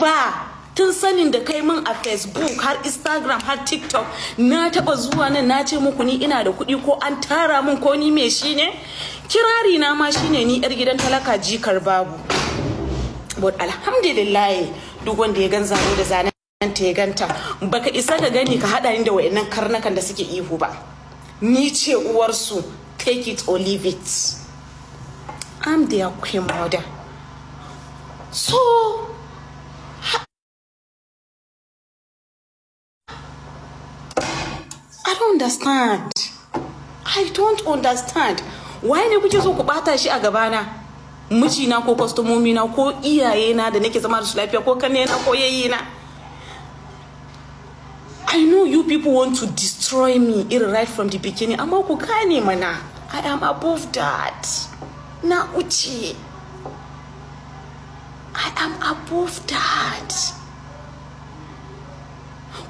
ba tun sanin da kai min a facebook har instagram har tiktok na taba zuwa nan na ce muku ni ina da kuɗi ko an tara min ko ni mai shi ne kirari na ma shi ne ni yar gidan talaka jikar babu but alhamdulillah duk wanda ya gan zaro da zanen ta ya ganta baka isa ka gani ka hada ni da wayannan karnakan da suke ihu ba ni ce uwarsu take it or leave it i'm their queen mother so I don't understand. I don't understand. Why ne kuke so ku bata shi a gabana? Mijina ko kwastomomi na ko iyaye na da nake zama da su lafiya ko kanne na ko yayi na. I know you people want to destroy me It right from the beginning amma ku kane mana. I am above that. Na uchi. I am above that.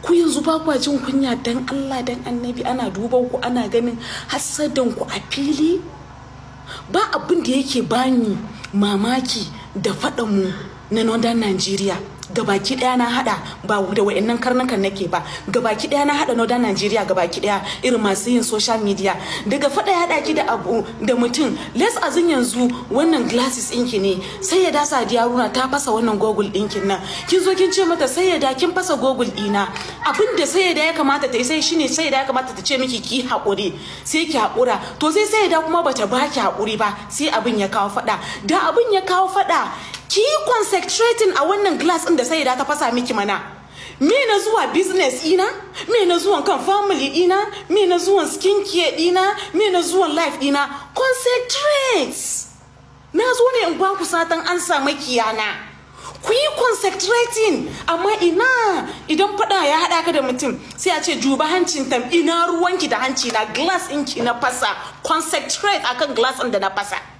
ku yanzu ba kwa jin kunya dan Allah dan annabi ana duban ku ana ganin hassadan ku a fili ba abin da yake bani mamaki da faɗa mu na northern Nigeria gabaki daya na hada ba da wayannan karnukan nake ba gabaki daya na hada northern nigeria gabaki daya irin masu yin social media daga fada ya daki da abu da mutum les azin yanzu wannan glasses ɗinki ne sai ya dasa diyaruna ta fasa wannan google ɗinkin nan kin zo kin ce mata sai ya kin fasa google ɗina abin da sai ya ya kamata ta yi sai shine sai ya ya kamata ta ce miki ki haƙuri sai ki haƙura to sai sai ya kuma bata baki haƙuri ba sai abin ya kawo fada da abin ya kawo fada ki yi concentrating a wannan glass ɗin da sai da ta fasa miki mana me na zuwa business ina me na zuwan kan family ina me na zuwan skin care ina me na zuwan life ina concentrate na zo ne in ba ku satan an sa makiyana ku yi concentrating amma ina idan fada ya haɗa ka da mutum sai a ce juba hancin tam ina ruwanki da hanci na glass ɗinki na fasa concentrate akan glass ɗin da na fasa